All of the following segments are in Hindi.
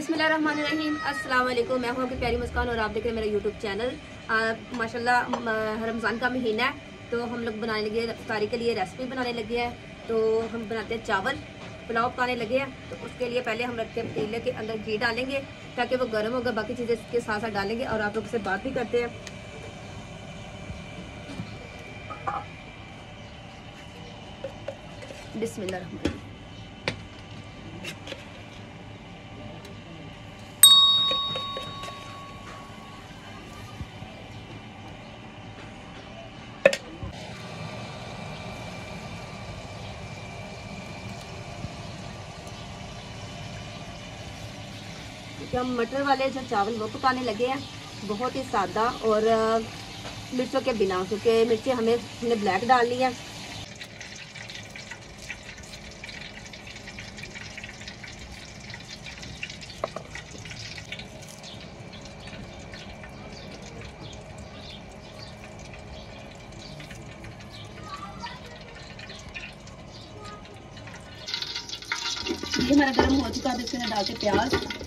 अस्सलाम वालेकुम मैं हूँ आपकी प्यारी मुस्कान और आप देख रहे हैं मेरा यूट्यूब चैनल माशाल्लाह रमज़ान का महीना है तो हम लोग बनाने लगे तारी के लिए रेसिपी बनाने लगे हैं तो हम बनाते हैं चावल पुलाव पकाने लगे हैं तो उसके लिए पहले हम रखते हैं पतीले के अंदर घी डालेंगे ताकि वो गर्म होगा बाकी चीज़ें इसके साथ साथ डालेंगे और आप लोग से बात भी करते हैं बिस्मिल्लाह कि हम मटर वाले जो चावल वो पकाने लगे हैं बहुत ही सादा और मिर्चों के बिना क्योंकि मिर्ची हमें हमने ब्लैक डालनी है ये हमारा गर्म हो चुका है अब इसमें डालते प्याज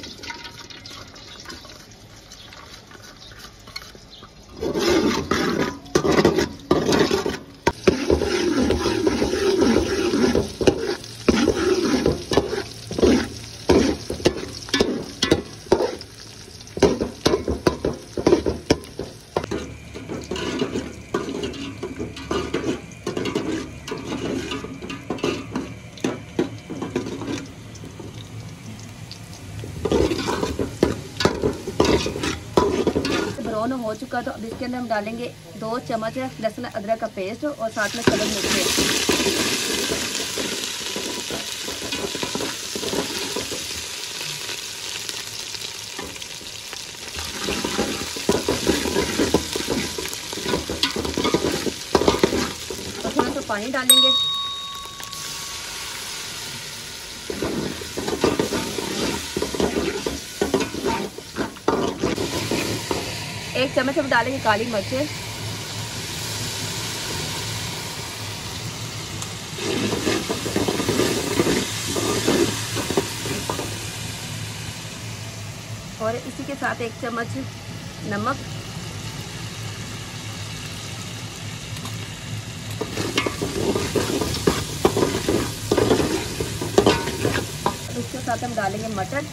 तो ब्राउन हो चुका तो अब इसके अंदर हम डालेंगे दो चम्मच लहसुन अदरक का पेस्ट और साथ में कलर मिर्च तो पानी डालेंगे एक चम्मच हम डालेंगे काली मिर्चें और इसी के साथ एक चम्मच नमक इसके साथ हम डालेंगे मटर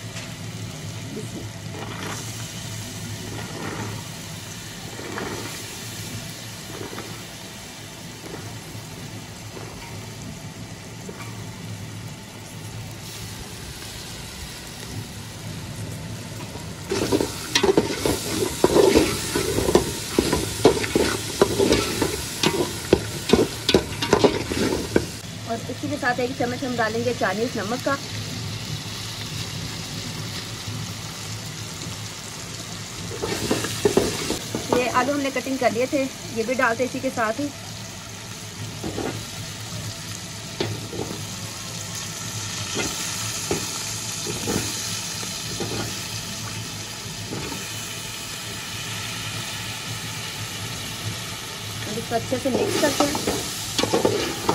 और इसी के साथ एक चम्मच हम डालेंगे चाइनीज़ नमक का ये आलू हमने कटिंग कर लिए थे ये भी डालते इसी के साथ ही अच्छे से मिक्स करते हैं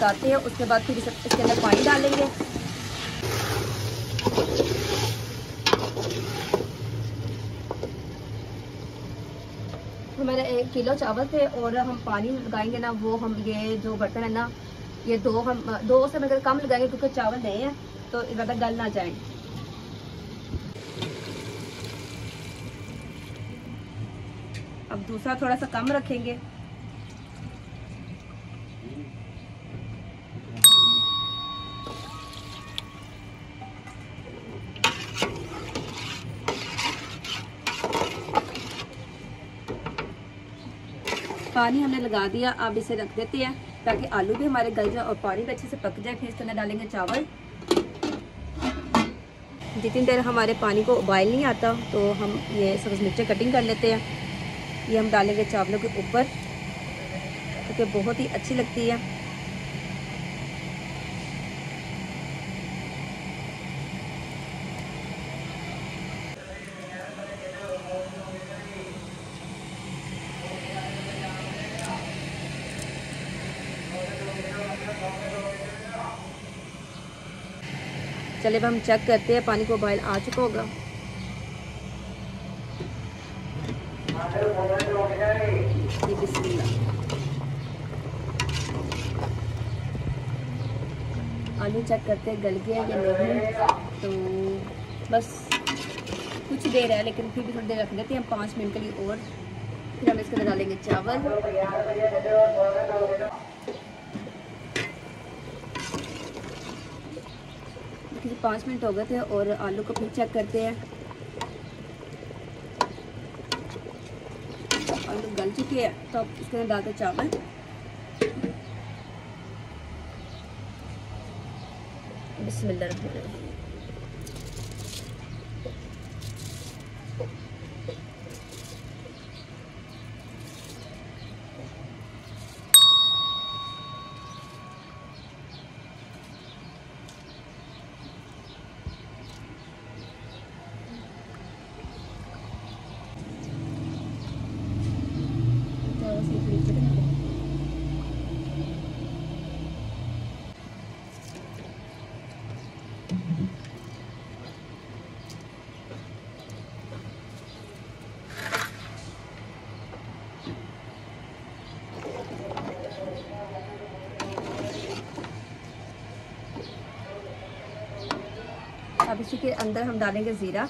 उतारते हैं उसके बाद फिर इसके अंदर पानी डालेंगे हमारे एक किलो चावल थे और हम पानी लगाएंगे ना वो हम ये जो बर्तन है ना ये दो हम दो से मतलब कम लगाएंगे क्योंकि चावल नहीं है तो ज़्यादा गल ना जाए अब दूसरा थोड़ा सा कम रखेंगे पानी हमने लगा दिया अब इसे रख देते हैं ताकि आलू भी हमारे गल जाए और पानी भी अच्छे से पक जाए फिर इस तरह डालेंगे चावल जितनी देर हमारे पानी को उबाइल नहीं आता तो हम ये सब्ज़ मिर्चें कटिंग कर लेते हैं ये हम डालेंगे चावलों के ऊपर क्योंकि बहुत ही अच्छी लगती है चले अब हम चेक करते हैं पानी को बॉयल आ चुका होगा आलू चेक करते गल गए या नहीं तो बस कुछ देर है लेकिन फिर भी थोड़ी देर रख देते हैं पाँच मिनट के लिए और फिर हम इसके अंदर डालेंगे चावल जी पाँच मिनट हो गए थे और आलू को फिर चेक करते हैं आलू गल चुके हैं तो अब इसके अंदर डालते चावल बिस्मिल्लाह इसी के अंदर हम डालेंगे ज़ीरा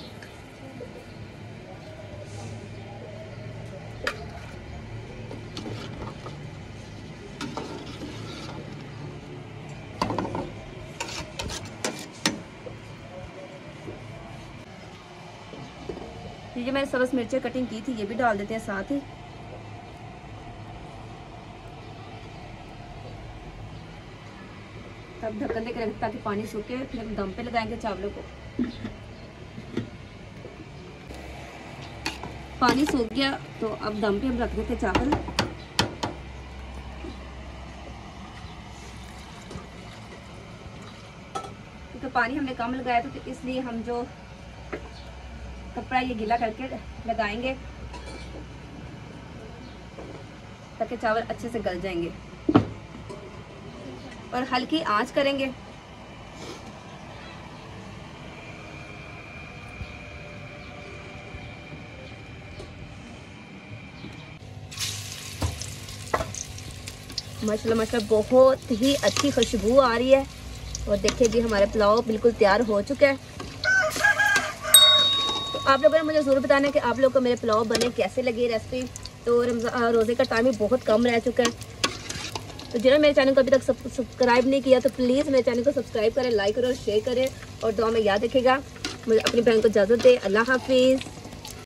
ये मैंने सबस मिर्चें कटिंग की थी ये भी डाल देते हैं साथ ही अब मतलब ढक्कन देकर रखें ताकि पानी सूखे फिर हम दम पे लगाएंगे चावलों को पानी सूख गया तो अब दम पे हम रख देते चावल तो पानी हमने कम लगाया था तो इसलिए हम जो कपड़ा ये गीला करके लगाएंगे ताकि चावल अच्छे से गल जाएंगे और हल्की आंच करेंगे मसल मसल बहुत ही अच्छी खुशबू आ रही है और देखिए जी हमारे पुलाव बिल्कुल तैयार हो चुका है तो आप लोगों ने मुझे ज़रूर बताना है कि आप लोगों को मेरे पुलाव बने कैसे लगी रेसिपी तो रोज़े का टाइम भी बहुत कम रह चुका है तो जिन्होंने मेरे चैनल को अभी तक सब्सक्राइब नहीं किया तो प्लीज़ मेरे चैनल को सब्सक्राइब करें लाइक करें और शेयर करें और दुआ में याद रखेगा मुझे अपनी बहन को इजाज़त दे अल्लाह हाफिज़